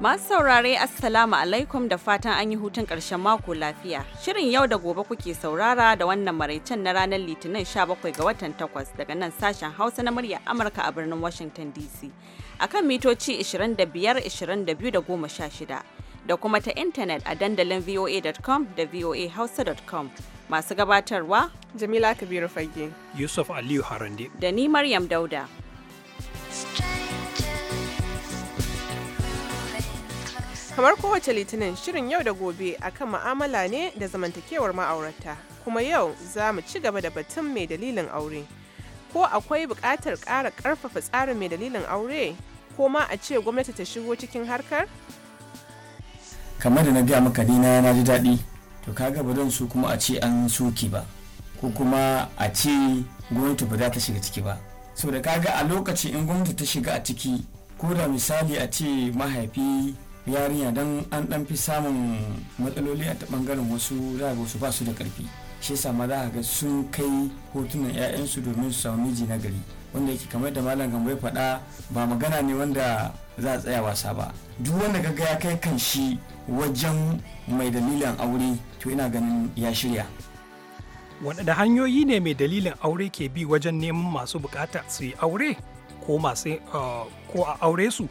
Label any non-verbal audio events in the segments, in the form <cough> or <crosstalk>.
Masu saurare Assalamu alaikum da fatan an yi hutun ƙarshen mako lafiya. Shirin yau da gobe kuke saurara da wannan maraicen na ranar Litinin 17 ga watan 8 daga nan sashen Hausa na murya Amurka a birnin Washington DC. a kan mitoci 25, 22 da 16. da kuma ta intanet a dandalin voa.com da voahausa.com masu gabatarwa jamila kabiru fage yusuf aliyu harande da ni maryam dauda Kamar kowace litinin shirin yau da gobe akan ma'amala ne da zamantakewar ma'aurata, kuma yau za mu ci gaba da batun mai dalilin aure. Ko akwai buƙatar ƙara ƙarfafa tsarin mai dalilin aure, ko ma a ce gwamnati ta shigo cikin harkar? Kamar da na gaya maka dina na ji daɗi, to kaga ba su kuma a ce an soki ba, ko kuma a ce gwamnati ba za ta shiga ciki ba. Saboda kaga a lokaci in gwamnati ta shiga a ciki, ko da misali a ce mahaifi yarinya don an dan fi samun matsaloli a ta bangaren wasu za ga wasu ba da karfi shi yasa ma za ga sun kai hotunan 'ya'yansu domin su samu miji na gari wanda yake kamar da malam ya faɗa ba magana ne wanda za a tsaya wasa ba duk wanda gaga ya kai kan shi wajen mai dalilan aure to ina ganin ya shirya waɗanda hanyoyi ne mai dalilin aure ke bi wajen neman masu bukata su yi aure ko masu eh, ko a aure su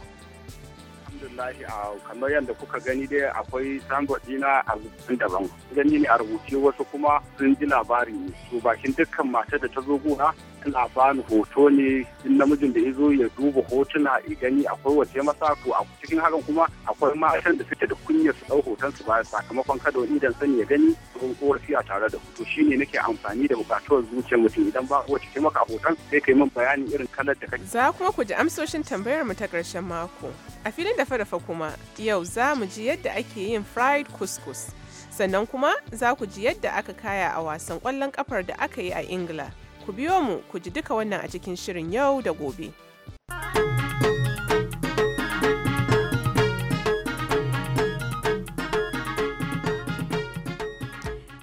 wallahi a kamar yadda kuka gani dai akwai sangwaɗi na a rubutun daban gani ne a rubuce wasu kuma sun ji labari ne to bakin dukkan mata da ta zo gona a bani hoto ne in namijin da ya zo ya duba hotuna ya gani akwai wace masa to a cikin hakan kuma akwai matan da suke da kunyar su ɗau hoton su bayan sakamakon kada wani idan sani ya gani sun korafi a tare da hoto shine nake amfani da bukatuwar zuciyar mutum idan ba wace ce maka hoton sai kai min bayanin irin kalar da kake. Za kuma ku ji amsoshin tambayar mu ta karshen mako. A filin dafa-dafa kuma yau za mu ji yadda ake yin fried couscous. sannan kuma za ku ji yadda aka kaya a wasan kwallon kafar da aka yi a ingila Ku biyo mu ku ji duka wannan a cikin shirin yau da gobe.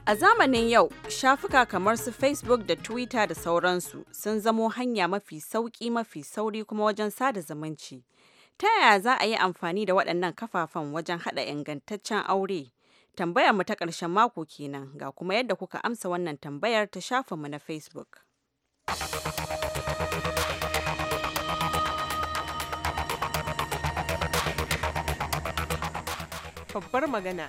A zamanin yau, shafuka kamar su Facebook da Twitter da sauransu sun zamo hanya mafi sauƙi mafi sauri kuma wajen sada zumunci. Ta yaya za a yi amfani da waɗannan kafafen wajen haɗa ingantaccen aure? Tambayar mu ta ƙarshen mako kenan ga kuma yadda kuka amsa wannan tambayar ta shafinmu na Facebook. Babbar magana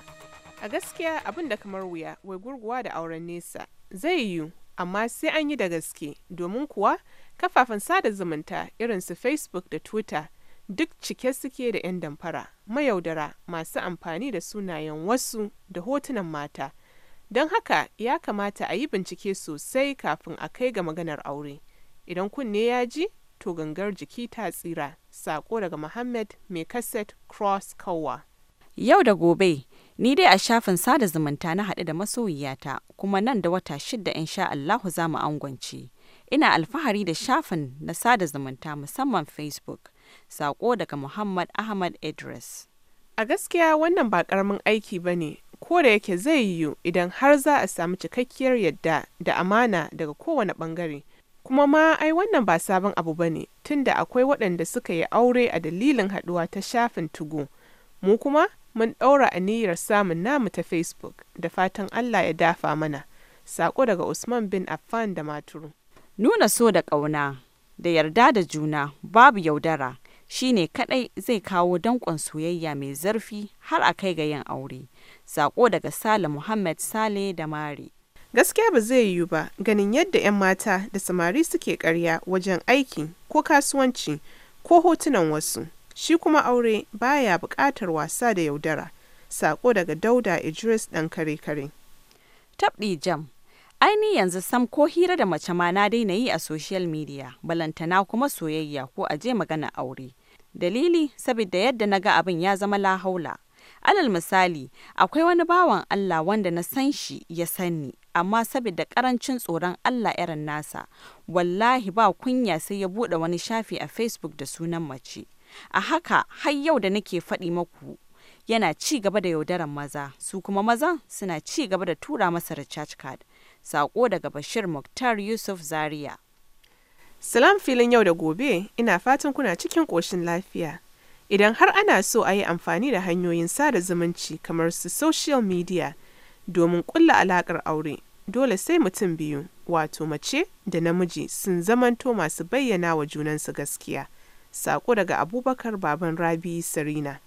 A gaskiya abin da kamar wuya wai gurguwa da auren nesa zai yiwu amma sai an yi da gaske domin kuwa kafafen sada zumunta irin su Facebook da Twitter duk cike suke da 'yan damfara mayaudara masu amfani da sunayen wasu da hotunan mata Don haka ya kamata a yi bincike sosai kafin a kai ga maganar aure, idan kunne ya ji, to gangar jiki ta tsira. sako daga muhammad mai kaset Cross Kawa. Yau da gobe, ni dai a shafin sada zumunta na haɗu da masoyiyata kuma nan da wata shidda in sha Allahu za mu angwanci Ina alfahari da shafin na sada zumunta musamman Facebook. sako daga Muhammad Ahmad Idris. A gaskiya wannan ba ƙaramin aiki ba ne, ko da yake zai yiwu idan har za a samu cikakkiyar yadda da amana daga kowane bangare kuma ma ai wannan ba sabon abu ba ne tunda akwai waɗanda suka yi aure a dalilin haɗuwa ta shafin tugu mu kuma mun ɗaura aniyar samun namu ta facebook da fatan allah ya dafa mana sako daga usman bin affan da maturu nuna so da ƙauna da yarda da juna babu yaudara shine kaɗai zai kawo danƙon soyayya mai zarfi har a kai ga yin aure Sako daga Sale Muhammad Sale da Mari. Gaskiya ba zai yiwu ba ganin yadda 'yan mata da samari suke karya wajen aiki ko kasuwanci ko hotunan wasu. Shi kuma aure baya buƙatar wasa da yaudara. Sako daga Dauda Idris ɗan kare-kare. Tabɗi jam. Aini yanzu sam ko hira da mace ma na daina yi a social media, balantana kuma soyayya ko aje magana aure. Dalili, saboda yadda na ga abin ya zama lahaula. Alal misali, akwai wani bawan Allah wanda na san shi ya sani, amma saboda karancin tsoron Allah irin nasa, wallahi ba kunya sai ya bude wani shafi a Facebook da sunan mace. A haka, har yau da nake faɗi maku yana ci gaba da yaudaran maza, su kuma mazan suna ci gaba da tura masa recharge card. Sako daga Bashir Muktar Yusuf Zaria. Salam filin yau da gobe, ina fatan kuna cikin ƙoshin lafiya. Idan har ana so a yi amfani da hanyoyin sada zumunci kamar su social midiya domin ƙulla alaƙar aure, dole sai mutum biyu, wato mace da namiji sun zamanto masu bayyana wa junansu gaskiya. Saƙo daga Abubakar Baban Rabi Sarina.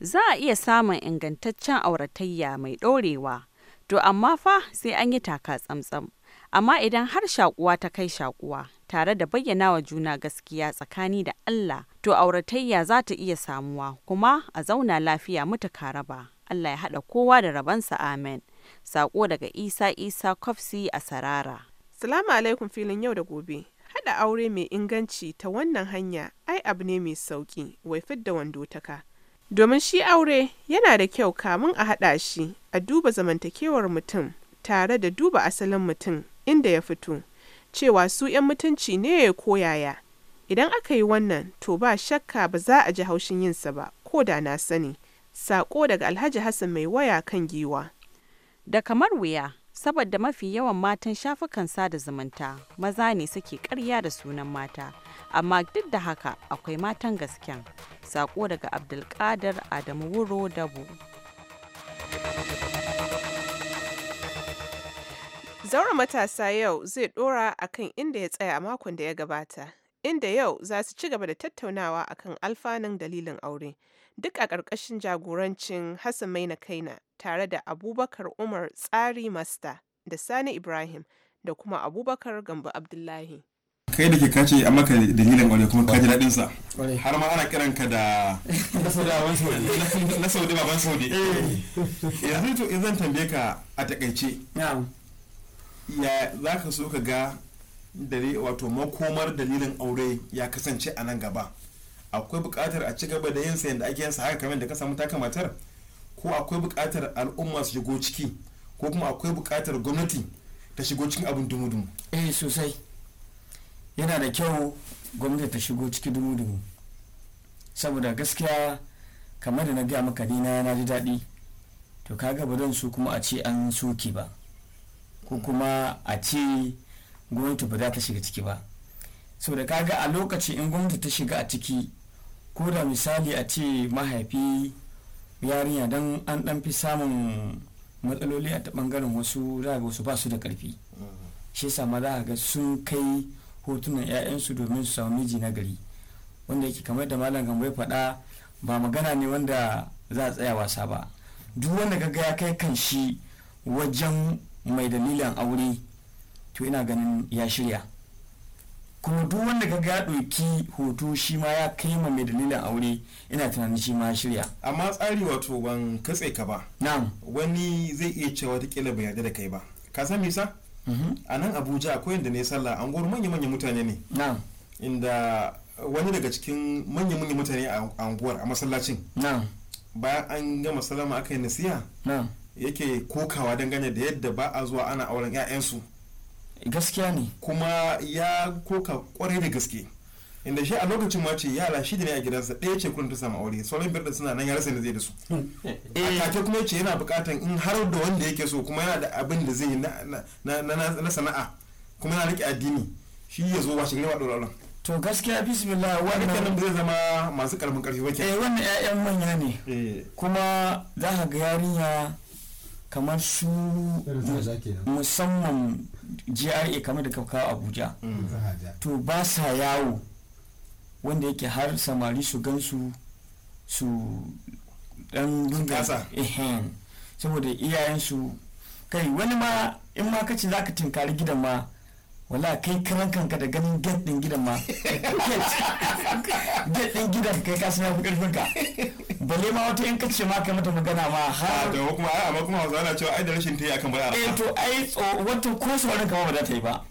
Za a iya samun ingantaccen auratayya mai ɗorewa, to amma fa sai an yi taka tsamtsam amma idan har shakuwa ta kai shakuwa tare da bayyana wa juna gaskiya tsakani da Allah to auratayya za ta iya samuwa kuma a zauna lafiya mutuka raba Allah ya haɗa kowa da rabansa amen sako daga Isa Isa Kofsi a Sarara Salamu alaikum filin yau da gobe haɗa aure mai inganci ta wannan hanya ai abu ne mai sauki wai fidda wando taka domin shi aure yana da kyau kamun a haɗa shi a duba zamantakewar mutum tare da duba asalin mutum inda ya fito, cewa su ‘yan mutunci ne ko yaya. Idan aka yi wannan, to ba shakka ba za a ji haushin yinsa ba, ko da na sani. Saƙo daga Alhaji Hassan mai waya kan giwa. Da kamar wuya, saboda mafi yawan matan shafukan sada zumunta maza ne suke karya da sunan mata amma duk da haka akwai matan gasken saƙo daga abdulkadir adamu wuro dabu zaura matasa yau zai dora akan inda ya tsaya a makon da ya gabata, inda yau za su ci gaba da tattaunawa akan alfanun dalilin aure, duk a ƙarƙashin jagorancin Hassan Maina Kaina tare da Abubakar Umar Tsari Masta da Sani Ibrahim da kuma Abubakar Gambo Abdullahi. kai da ke kace a maka dalilin aure kuma kaji daɗin sa har ma ana kiran ka da na saudi baban saudi eh. yanzu to in zan tambaye ka a takaice ya za ka so ka ga wato makomar dalilin aure ya kasance a nan gaba akwai buƙatar a ci gaba da yin sayan da ake yansa haka kamar da ka samu taka matar ko akwai buƙatar al'umma su shigo ciki ko kuma akwai buƙatar gwamnati ta shigo cikin abin dumudumu eh sosai yana da kyau gwamnati ta shigo ciki dumudumu saboda gaskiya kamar da na gaya maka ni na ji daɗi to kaga ba don su kuma a ce an soke ba ko kuma a ce gwamnati ba za ta shiga ciki ba sau da kaga a lokaci in gwamnati ta shiga a ciki ko da misali a ce mahaifi yarinya don an dan fi samun matsaloli a ta bangaren wasu za ga wasu ba su da karfi shi yasa ma za ga sun kai hotunan 'ya'yansu domin su samu miji na gari wanda yake kamar da malam gambo ya faɗa ba magana ne wanda za a tsaya wasa ba duk wanda ga ya kai kan shi wajen mai dalilan aure to ina ganin ya shirya kuma duk wanda ka ga ɗauki hoto shi ma ya kai ma mai dalilin aure ina tunanin shi ma shirya amma tsari wato ban katse ka ba na'am wani zai iya cewa ta kila bai yarda da kai ba ka san misa mm-hmm. a nan abuja akwai inda ne sallah an gwar manya-manyan mutane ne na'am inda wani daga cikin manya-manyan mutane a anguwar a masallacin na'am bayan an gama salama aka yi nasiya. na'am yake kokawa dangane da yadda ba a zuwa ana auren 'ya'yansu gaskiya ne kuma ya koka kwarai da gaske inda shi a lokacin ma ce yara shi da ne a gidansa ɗaya ce kullum ta samu aure sauran biyar da suna nan ya rasa da zai da su hmm. a kake eh. kuma ce yana buƙatan in har da wanda yake so kuma yana da abin da zai na sana'a kuma yana riƙe addini shi ya zo washe gari ma to gaskiya bismillah wannan nan zai zama masu karamin karfi wake eh wannan ƴaƴan manya ne eh. kuma za ka ga yarinya kamar su musamman gra kamar da kauka abuja to ba sa yawo wanda yake har samari su gansu su dan dinga ehen saboda iyayensu kai wani ma in ma kace za ka tinkari gidan ma wala kai karan kanka da ganin get gidan ma get <laughs> gidan kai ka san karfin ka balle ma wata in kace ma kai mata magana ma har da kuma ai amma kuma hausa ana cewa ai da rashin tayi akan bara eh to ai wata ko sauran kama ba za ta yi ba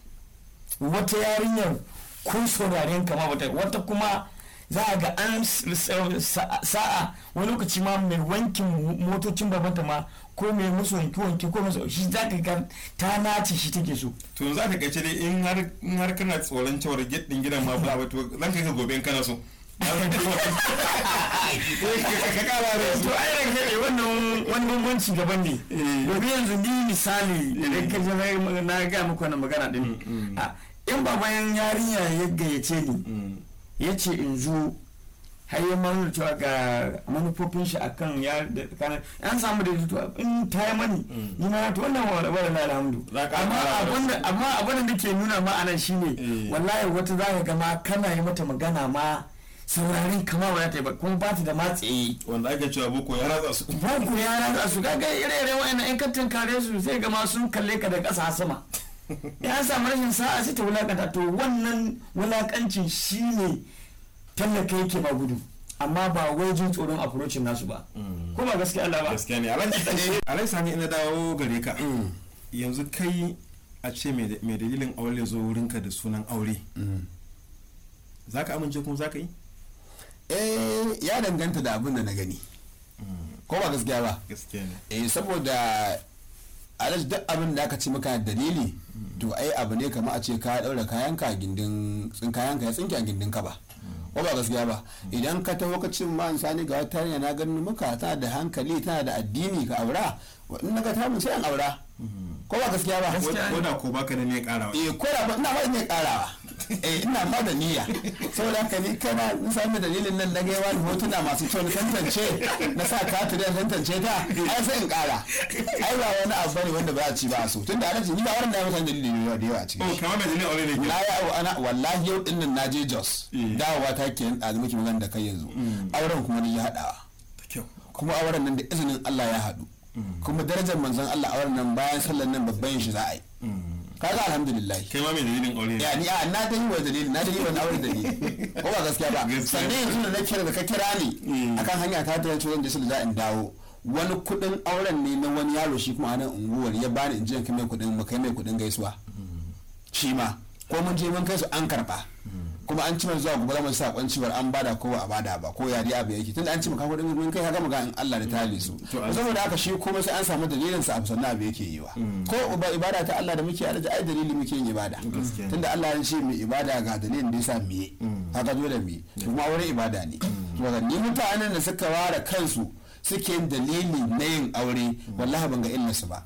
wata yarinyar ko sauraren kama ba ta yi wata kuma za a ga an sa'a wani lokaci ma mai wankin motocin babanta ma ko mai musu wanki wanki ko musu shi za ka ga ta nace shi take so to za ka kace dai in har kana tsoron cewar gidan gidan ma ba to zan kai ka gobe in kana so to ai da kai wannan wani bambanci daban ne domin yanzu ni misali da kai na ga muku wannan magana din in ba bayan yarinya ya gayyace ni ya ce in zo har yi da cewa ga manufofin shi akan ya da an samu da tutuwa in ta yi mani ni ma to wannan wa rabar na alhamdu amma abinda amma da nake nuna ma anan shine wallahi wata za ka ga ma kana yi mata magana ma saurari kama wani ta yi ba kuma ba ta da matsayi wanda ake cewa boko ya ratsa su boko ya ratsa su kaga ire ire wa'annan yan kantin kare su sai gama sun kalle ka da ƙasa sama <laughs> ya samu rashin sa'a sai ta wulakanta to wannan wulakancin shine tallaka yake ba gudu amma ba wai jin tsoron approachin nasu ba mm. ko ba gaskiya Allah ba gaskiya ne alai <laughs> sani ina dawo gare ka mm. yanzu kai a ce mai dalilin aure zo wurinka da sunan aure mm. za ka amince kuma za ka yi eh ya danganta da abin da na gani ko ba gaskiya ba gaskiya ne eh saboda alaji duk abin da aka ci maka dalili to ai abu ne kamar a ce ka daura kayanka gindin tsin kayanka ya tsinke a gindin ka ba ko ba gaskiya ba idan ka ta lokacin ma an sani ga wata hanya na ganin muka tana da hankali tana da addini ka aura in na ga mun sai an aura ko ba gaskiya ba ko da ko baka ne ne karawa eh ko da ba ina ba ne karawa eh ina ba da niyya saboda haka ni kana sami dalilin nan na gaiwa hotuna masu kyau na tantance na sa katu da tantance ta ai sai in kara ai ba wani abu bane wanda ba a ci ba a so tunda ana ci ni ba wannan da mutane dalilin da yawa a yawa oh kamar dalilin na ya ana wallahi yau din nan je Jos eh. dawowa ta ke da ki magana da kai yanzu mm. auren kuma ni ya hadawa kuma auren nan da izinin Allah ya haɗu mm. kuma darajar manzon Allah auren nan bayan sallan nan babban shi za a yi mm. kaga alhamdulillah kai ma mai dalilin aure ya ni a na ta yi wa dalili na ta yi wa aure dalili ko ba gaskiya ba sannan yanzu da na kira da ka kira ni mm. akan hanya ta da cewa da su da in dawo wani kudin auren ne na wani yaro shi kuma anan unguwar ya bani in ji kai mai kudin mu kai mai kudin gaisuwa mm. shi ma ko mun je mun kai su an karba kuma an ci zuwa gobe masu saƙon sakon cewar an bada kowa ba a bada ba ko yari abu yake tunda an ci maka kudin ruwan kai ka gama ga in Allah da tali su saboda haka shi kuma sai an samu dalilin sa sannan abu yake yi wa mm. ko uba ibada ta Allah da muke alaji ai dalili muke yin ibada tunda Allah ya ce mai ibada ga dalilin da yasa mai mm. haka dole mai kuma wurin ibada ne to mm. ni mutanen da suka ware kansu suke yin dalili na yin aure wallahi ban ga su ba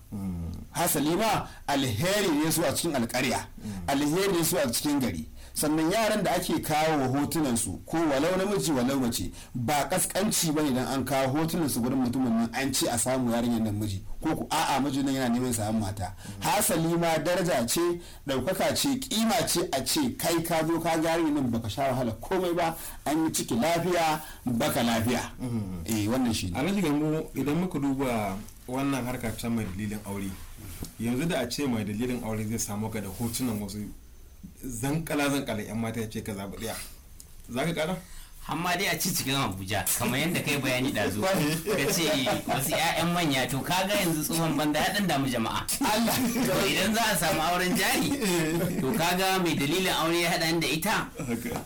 hasali ma alheri ne su a cikin alƙarya alheri ne su a cikin gari sannan yaran da ake kawo wa hotunan su ko walau namiji walau mace ba kaskanci bane idan an kawo hotunan su gurin mutumin nan an ce a samu yarinyar namiji namiji ko ku a'a mijin nan yana neman samun mata hasali ma daraja ce daukaka ce kima ce a ce kai ka zo ka ga nan baka sha wahala komai ba an yi ciki lafiya baka lafiya mm-hmm. eh wannan shi ne idan muka duba wannan harka ta mai dalilin aure yanzu da a ce mai dalilin aure zai samu ga da hotunan wasu zankala zankala yan mata ya ce ka zaɓi ɗaya za ka kara. amma dai a ci cikin abuja kamar yadda kai bayani da zo ka ce wasu 'ya'yan manya to kaga yanzu tsohon banda ya ɗan damu jama'a to idan za a samu auren jari to kaga mai dalilin aure ya haɗa da ita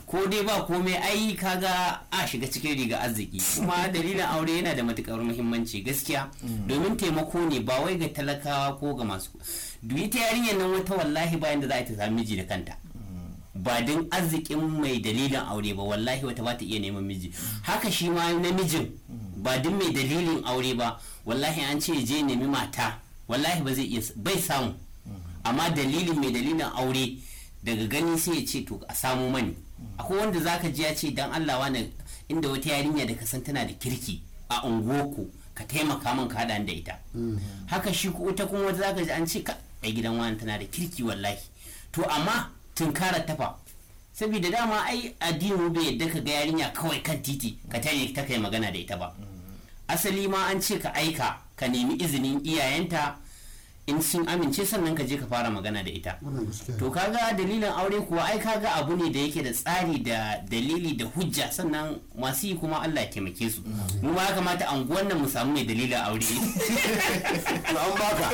ko dai ba komai ai kaga a shiga cikin riga arziki kuma dalilin aure yana da matukar muhimmanci gaskiya mm. domin taimako ne ba wai ga talakawa ko ga masu duk ta yarinyar nan wata wallahi bayan da za a ta sami miji da kanta ba din arzikin mai dalilin aure ba wallahi wata ba ta iya neman miji haka shi ma namijin ba din mai dalilin aure ba wallahi an ce je nemi mata wallahi ba zai iya bai samu amma dalilin mai dalilin aure daga gani sai ya ce to a samu mani akwai wanda zaka ji ya ce dan Allah wani inda wata yarinya da ka san tana da kirki a unguwarku ka taimaka min ka da ita mm. haka shi ko ta kuma wata ka ji an ce ka gidan wani tana da kirki wallahi to amma tunkara tafa saboda dama ai addini bai yadda ka ga yarinya kawai kan titi ka tare ta kai magana da ita ba asali ma an ce ka aika ka nemi izinin iyayenta in sun amince sannan ka je ka fara magana da ita to kaga dalilin aure kuwa ai kaga abu ne da yake da tsari da dalili da hujja sannan masu yi kuma Allah ya taimake su mu ma kamata anguwan nan mu samu mai dalilin aure <laughs> an baka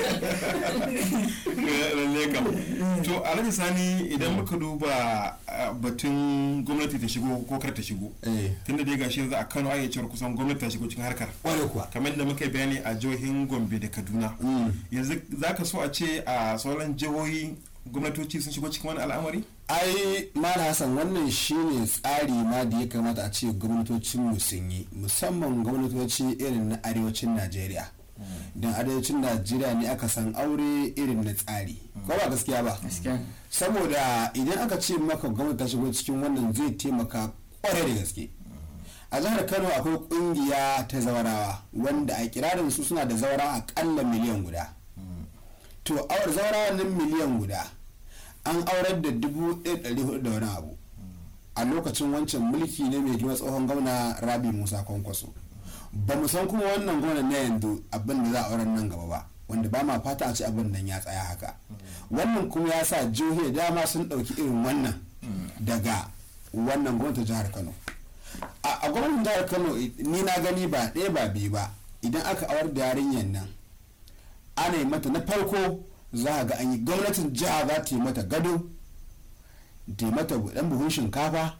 <laughs> lalle kam to alhaji sani idan muka duba eh, batun gwamnati ta shigo ko kar ta shigo eh. tun da ga shi yanzu a Kano ayyace cewa kusan gwamnati ta shigo cikin harkar kamar da muka bayani a jihohin Gombe da Kaduna mm. yanzu za ka so a ce a sauran jihohi gwamnatoci sun shigo cikin wani al'amari ai mara hassan wannan shine tsari ma da ya kamata a ce gwamnatocin mu sun yi musamman gwamnatoci irin na arewacin najeriya don arewacin najeriya ne aka san aure irin na tsari ko ba gaskiya ba saboda idan aka ce maka gwamnati ta shigo cikin wannan zai taimaka kwarai da gaske a jihar kano akwai kungiya ta zaurawa wanda a kirarin su suna da zaura akalla miliyan guda to awar zaurawa nan miliyan guda an aurar da dubu ɗaya da wani abu a lokacin wancan mulki ne mai girma tsohon gwamna rabi musa kwankwaso ba mu san kuma wannan gonar na yanzu abin da za a auren nan gaba ba wanda ba ma fata a ce abin nan ya tsaya haka wannan kuma ya sa jihohi dama sun ɗauki irin wannan daga wannan ta jihar kano a gwamnatin jihar kano ni na gani ba ɗaya ba biyu ba idan aka awar da yarinyar nan ana yi mata na farko za a ga an yi gwamnatin jiha za ta yi mata gado ta yi mata buɗan buhun shinkafa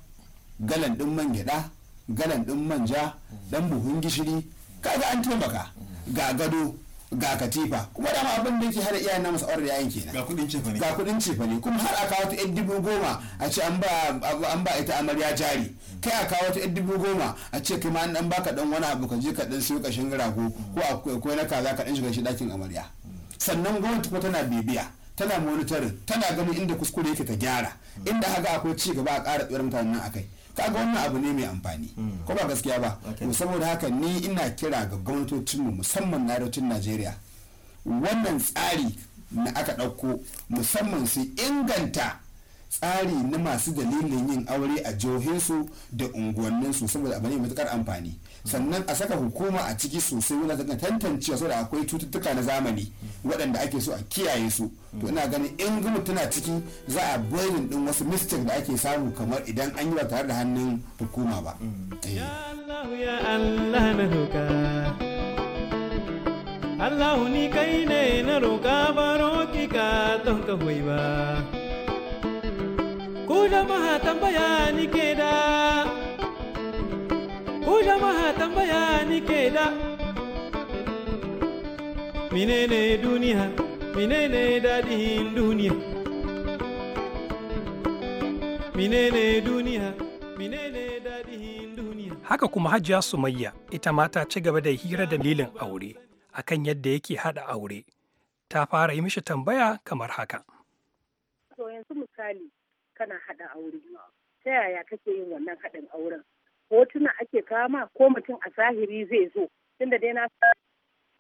galan ɗin man gyaɗa galan ɗin manja ɗan buhun gishiri kaga an taimaka ga gado ga katifa kuma da ma abin da yake hada iyayen namu sa'ar yayin kenan ga kudin cefane ga kudin cefane kuma har a kawo ta yan dubu goma a ce an ba an ba ita amarya jari kai a kawo ta yan dubu goma a ce kai ma an baka dan wani abu ka je ka dan siyo kashin rago ko akwai ko na kaza ka dan shiga shi dakin amarya sannan gwamnati ko tana bibiya tana monitoring tana ganin inda kuskure yake ta gyara inda haka akwai ci gaba a ƙara tsayar mutanen nan akai ga wannan abu ne mai amfani hmm. ko ba gaskiya ba saboda haka ni ina kira ga gwamnatocinmu musamman na arewacin najeriya wannan tsari na aka ɗauko musamman su inganta tsari na masu dalilin yin aure a jihohinsu da unguwanninsu saboda abu ne matukar amfani sannan a saka hukuma a ciki sosai wanda tantance tantancewa da akwai cututtuka na zamani waɗanda ake so a kiyaye su to ina ganin in gumu tana ciki za a boyin din wasu mistake da ake samu kamar idan an yi ba tare da hannun hukuma ba eh. ya Allah na roka Allah ni kai ne na roka ba ka don ka ba ku jama'a tambaya ni ke da ku jama'a tambaya ni ke da menene duniya menene dadin duniya menene duniya menene dadin duniya haka kuma hajiya sumayya ita ma ta ci gaba da hira da lilin aure akan yadda yake hada aure ta fara yi mishi tambaya kamar haka to yanzu misali kana hada aure ta yaya kake yin wannan hadin auren hotuna ake kama ko mutum a zahiri zai zo tunda dai na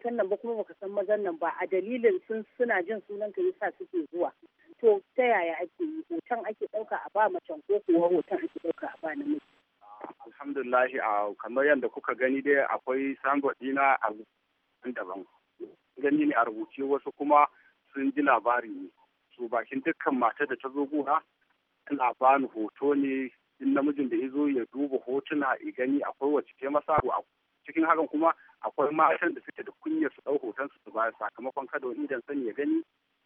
san nan ba kuma baka san mazan nan ba a dalilin sun suna jin sunan ka yasa suke zuwa to ta yaya ake yi hoton ake ɗauka a ba macen ko kuwa hoton ake ɗauka a ba namiji alhamdulilahi a kamar yadda kuka gani dai akwai sango dina a daban gani ne a rubuce wasu kuma sun ji labari ne su bakin dukkan mata da ta zo gura ba ni hoto ne in namijin da ya zo ya duba hotuna ya gani akwai wacce ke masa cikin hakan kuma akwai matan da suke da kunyar su ɗau hoton su ba sakamakon kada wani idan sani ya gani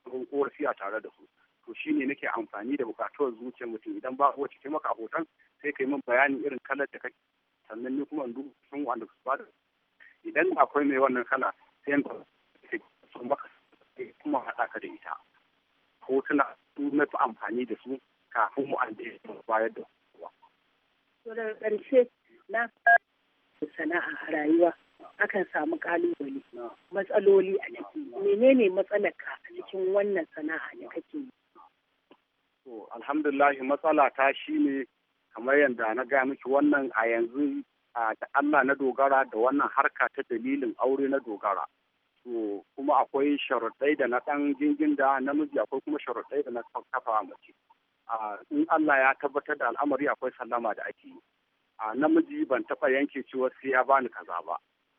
abin ko a tare da su to shi ne nake amfani da bukatuwar zuciyar mutum idan ba wacce ke maka a hoton sai ka yi min bayanin irin kalar da kake sannan ni kuma in duba sun wanda su ba idan akwai mai wannan kala sai in sun maka kuma haɗa ka da ita hotuna su na fi amfani da su kafin mu an bayar da su daga ƙarshe na sana'a a rayuwa akan samu ƙalubale matsaloli a ciki menene matsalarka a cikin wannan sana'a da kake yi to alhamdulillah matsala ta shine kamar yadda na ga miki wannan a yanzu da Allah na dogara da wannan harka ta dalilin aure na dogara to kuma akwai sharuɗai da na ɗan jingin da namiji akwai kuma sharuɗai da na kafa mace in Allah ya tabbatar da al'amari akwai sallama da ake yi a namiji ban taɓa yanke cewa sai ya bani kaza ba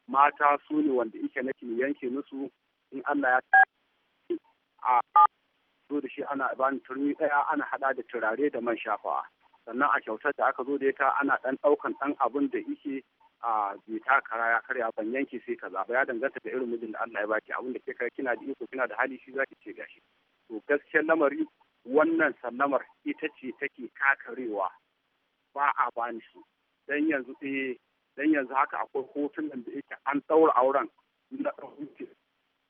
mata su ne wanda ike nake yanke musu in Allah ya a zo da shi ana bani turmi ɗaya ana haɗa da turare da man shafawa sannan a kyautar da aka zo da ita ana ɗan ɗaukan ɗan abin da ike a bai takara ya karya ban yanke sai kaza ba ya danganta da irin mijin da Allah ya baki abin da ke kai kina da iko kina da hali shi zaki ce gashi to gaskiyar lamari wannan sallamar ita ce take kakarewa ba a bani su dan yanzu eh dan yanzu haka akwai hotunan da yake an ɗaura auren na ɗauki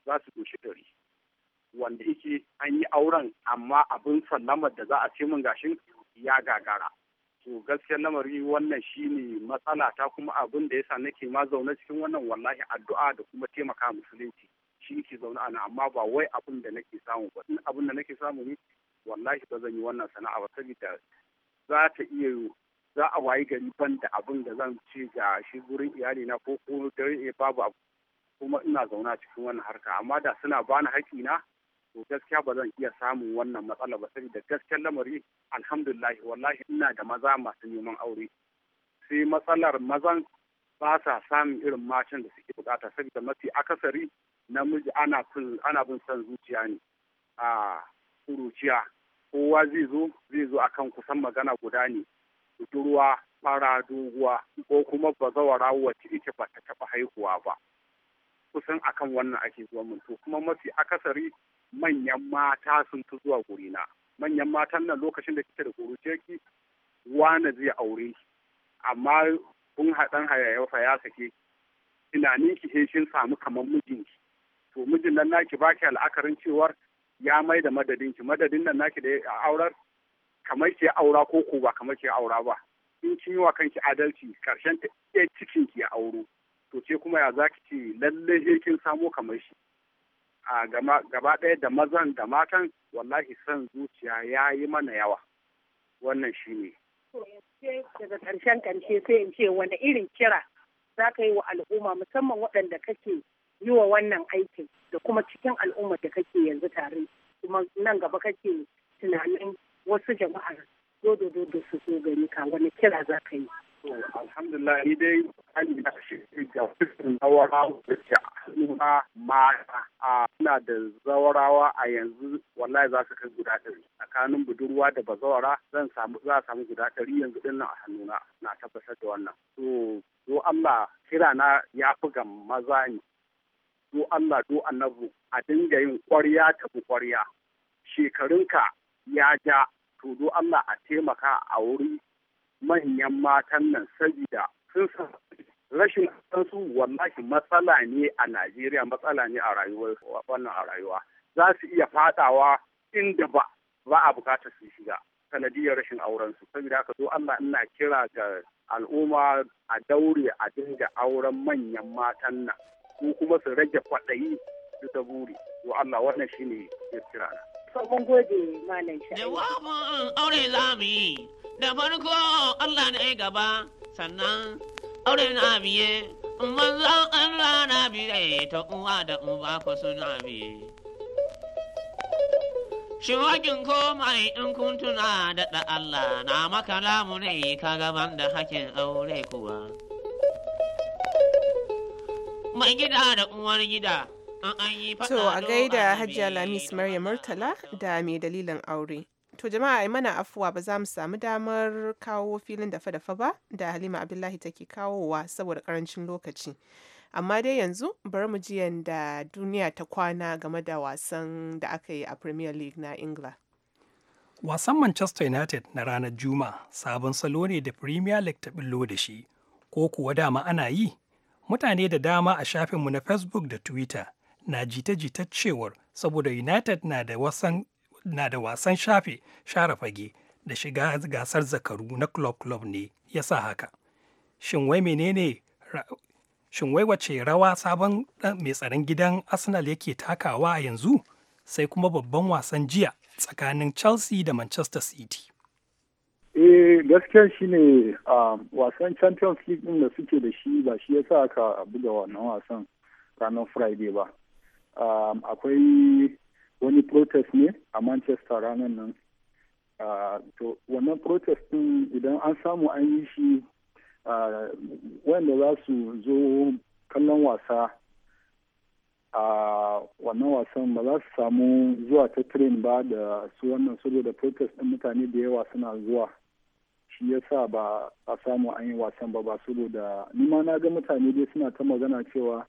za su doshi dari wanda yake an yi auren amma abin sallamar da za a ce min gashin ya gagara to gaskiyar lamari wannan shi ne matsala ta kuma abin da yasa nake ma zaune cikin wannan wallahi addu'a da kuma taimaka musulunci shi ke zaune ana amma ba wai abin da nake samu ba abin da nake samu ne wallahi ba zan yi wannan sana'a ba saboda za ta iya za a wayi gari ban da abin da zan ce ga shi gurin iyali na ko ko eh babu abu kuma ina zauna cikin wannan harka amma da suna bani haƙi na to gaskiya ba zan iya samun wannan matsala ba saboda gaskiyar lamari alhamdulillah wallahi ina da maza masu neman aure sai matsalar mazan ba sa samun irin matan da suke bukata saboda mafi akasari namiji ana bin son zuciya ne a ah, kuruciya kowa zai zo zai zo akan kusan magana guda ne budurwa fara doguwa ko kuma bazawara wacce ita ba ta taɓa haihuwa ba kusan akan wannan ake zuwa mun to kuma mafi akasari manyan mata sun fi zuwa gurina manyan matan nan lokacin da kike da ki wane zai aure amma kun haɗan hayayyafa ya sake tunanin ki sai kin samu kamar mijinki to mijin nan naki baki al'akarin cewar ya mai da madadin ki madadin nan naki da aurar kamar ki aura ko ko ba kamar ki aura ba in kin yi wa kanki adalci karshen ta iya cikin ki ya auro to ce kuma ya zaki ce lalle sai kin samo kamar shi a gaba ɗaya da mazan da matan wallahi san zuciya ya yi mana yawa wannan shi ne. daga karshen ƙarshe sai in ce wani irin kira za ka yi wa al'umma musamman waɗanda kake yi wa wannan aikin da kuma cikin al'ummar da kake yanzu tare kuma nan gaba kake tunanin wasu jama'ar dodo dodo su zo gari ka wani kira za ka yi. Alhamdulillah ni dai hali na shi da fitin zawarawa da ke hannuna mata a ina da zawarawa a yanzu wallahi za su kai guda ɗari tsakanin budurwa da bazawara zan samu za a samu guda ɗari yanzu ɗin nan a hannuna na tabbatar da wannan. So, zo Allah kira na ya fi ga maza ne do Allah do annabu a dinga yin ƙwarya ta bi ƙwarya shekarunka ya ja to do Allah a taimaka a wuri manyan matan nan sabida sun san rashin su wallahi matsala ne a Najeriya matsala ne a rayuwar wannan a rayuwa za su iya fadawa inda ba ba a bukatar su shiga sanadiyar rashin auren su saboda haka zo Allah ina kira ga al'umma a daure a dinga auren manyan matan nan ko kuma su rage kwaɗayi bisa buri to Allah wannan shine ya kira na. Sabon gode malam shi. Jawabin aure zami da farko Allah ne gaba sannan aure na biye manzon Allah na biye ta uwa da uba ko suna biye. Shiwakin komai in kun tuna da Allah na maka ne ka gaban da hakin aure kuwa. gida da uwar gida to a gaida hajji alamis maryam murtala da mai dalilin aure to jama'a ai mana afuwa ba za mu samu damar kawo filin dafa-dafa ba da halima abdullahi take kawowa saboda karancin lokaci amma dai yanzu bari mu ji da duniya ta kwana game da wasan da aka yi a premier league na ingila wasan manchester united na ranar juma'a sabon salo ne da premier league ta billo da shi ko kuwa dama ana yi mutane da dama a shafinmu na facebook da twitter na jita-jita cewar saboda united na da wasan na da wasan shafe share fage da shiga gasar zakaru na club club ne ya sa haka shin wai menene shin wai wace rawa sabon mai tsaron gidan arsenal yake takawa a yanzu sai kuma babban wasan jiya tsakanin chelsea da manchester city eh gaskiya shine a wasan champions league din da suke da shi ba shi yasa aka buga wannan wasan ranar friday ba akwai wani protest ne a manchester ranar nan to wannan protest din idan an samu an yi shi wanda za su zo kallon wasa a wannan wasan ba za su samu zuwa ta train ba da su wannan saboda protest din mutane da yawa suna zuwa shi ya sa ba a samu an yi wasan ba ba saboda nima na ga mutane dai suna ta magana cewa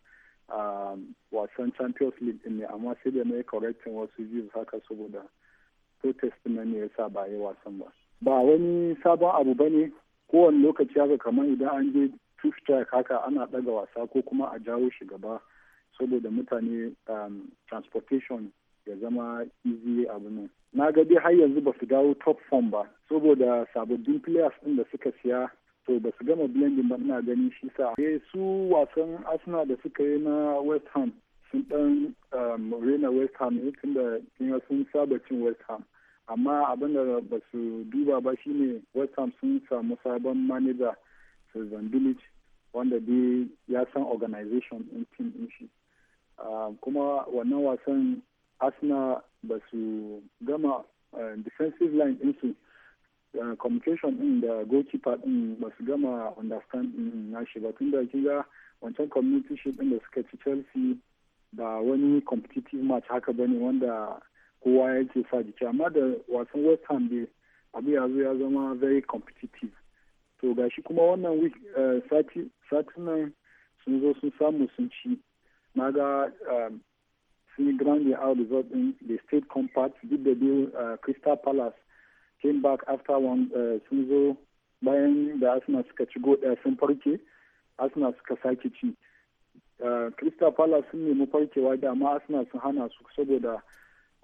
wasan champions league din ne amma sai da na yi correcting wasu views haka saboda protest na ne ya sa ba a yi wasan ba ba wani sabon abu ba ne kowane lokaci haka kamar idan an je two strike haka ana daga wasa ko kuma a jawo shi gaba saboda mutane um, transportation ya zama izi abu nan na ga dai har yanzu ba su dawo top form ba saboda sababbin players ɗin da suka siya to ba su gama blending ba ina ganin shi sa eh su wasan arsenal da suka yi na west ham sun dan um, rena west ham ne tunda sun saba cin west ham amma abin da ba su duba ba shine west ham sun samu sabon manager sylvan village wanda dai ya san organization in team din shi um, kuma wannan wasan arsenal ba su gama eh, defensive line su eh, communication in da goalkeeper ɗin ba su gama understand ɗin nashi ba tun da ga wancan community shi din da suka ci chelsea ba wani competitive match haka ba wanda kowa ce sa jiki amma da wasan west ham dai abu ya zo ya zama very competitive to gashi kuma wannan week eh, sati nan sun zo sun samu sun ci na ga see ground out result in the state compact did the deal uh, crystal palace came back after one uh, sun zo bayan arsenal suka ci go daya sun farke arsenal suka uh, sake crystal palace sun nemi farkewa da amma arsenal sun hana su saboda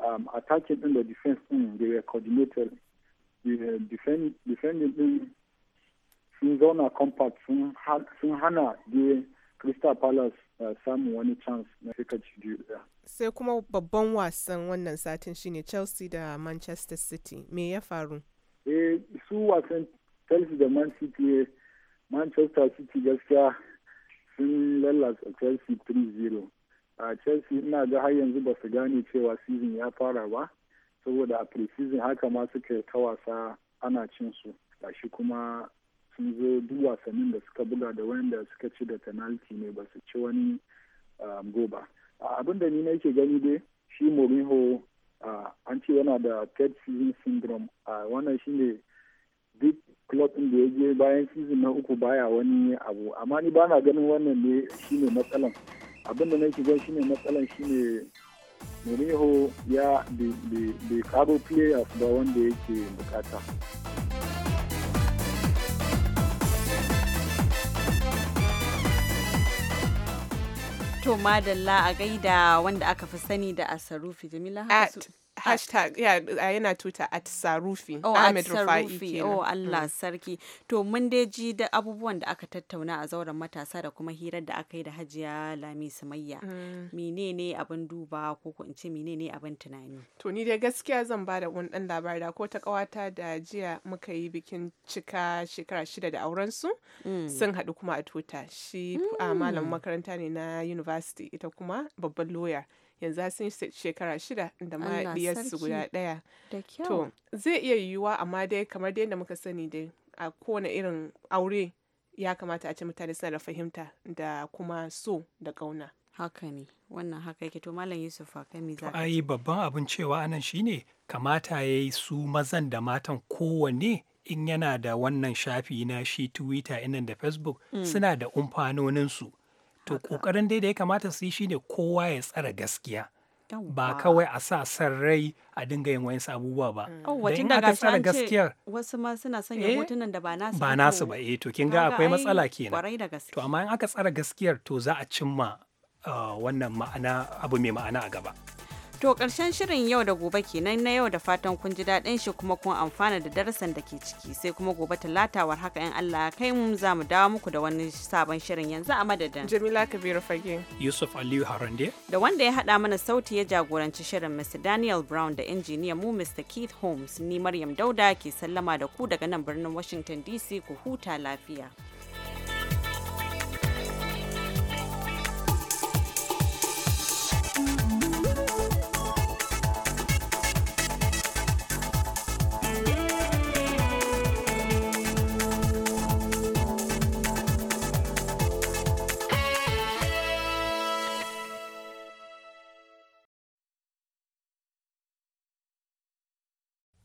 um, attacking din da defense din mm, they were coordinated the uh, defend, defending din sun zauna compact sun hana the crystal palace uh, samun wani chance na suka ci biyu sai kuma babban wasan wannan satin shine chelsea da manchester city me ya faru eh su wasan chelsea da man city manchester city gaskiya sun lalata chelsea 3-0 a chelsea ina ga har yanzu ba su gane cewa season ya fara ba saboda a pre-season haka ma suka ta wasa ana cin su shi kuma sun zo duk wasannin da suka buga da wanda suka ci da penalty ne ba su ci wani um, goba abin da ni na yake gani dai shi Mourinho an ce yana da third season syndrome wannan shine duk club ɗin da ya je bayan season na uku baya wani abu amma ni bana ganin wannan ne shine matsalan abin da na nake shi shine matsalan shine Mourinho ya bai karo players ba wanda yake bukata. To madalla a gaida wanda aka fi sani da Asarufi Jamila At hashtag ya yana tuta at sarufi oh, ahmed rufa'i oh mm. allah sarki to mun dai ji da abubuwan da aka tattauna a zauren matasa da kuma hirar da aka yi da hajiya lami sumayya mm. menene abin duba ko ko ce menene abin tunani to ni dai gaskiya zan ba da wani dan labari da ko ta kawata da jiya muka yi bikin cika shekara shida da auren su mm. sun haɗu kuma a tuta shi a malam makaranta ne na university ita kuma babban lawyer yanzu sun shekara shida da mahaifiyarsu guda ɗaya. To, zai iya yiwuwa amma dai kamar dai yadda muka sani dai a kowane irin aure ya kamata a ce mutane suna da fahimta da kuma so da ƙauna. haka ne wannan haka yake to malam yusuf haka ne za yi babban abin cewa anan shine kamata ya yi su mazan da matan kowanne in yana da wannan shafi na shi twitter inan da facebook mm. suna da umfanoninsu To kokarin dai da ya kamata su yi shine kowa ya tsara gaskiya. ba kawai a sa san rai a dinga yin wayansu abubuwa ba. Mm. Wajen da gasa an ce wasu ma suna sanya eh, hotunan da ba nasu ba nasu ba eh to kin ga akwai matsala kenan. To amma in aka tsara gaskiyar to za a cimma ah, wannan ma'ana abu mai ma'ana a gaba. To ƙarshen shirin yau da gobe kenan na yau da fatan kun ji daɗin shi kuma kun amfana da darasin da ke ciki sai kuma gobe talata war haka in Allah ya kai mu za mu dawo muku da wani sabon shirin yanzu a madadin. Jamila Kabiru Fage. Yusuf Aliyu Harande. Da wanda ya haɗa mana sauti ya jagoranci shirin Mr. Daniel Brown da injiniya mu Mr. Keith Holmes ni Maryam Dauda ke sallama da ku daga nan birnin Washington DC ku huta lafiya.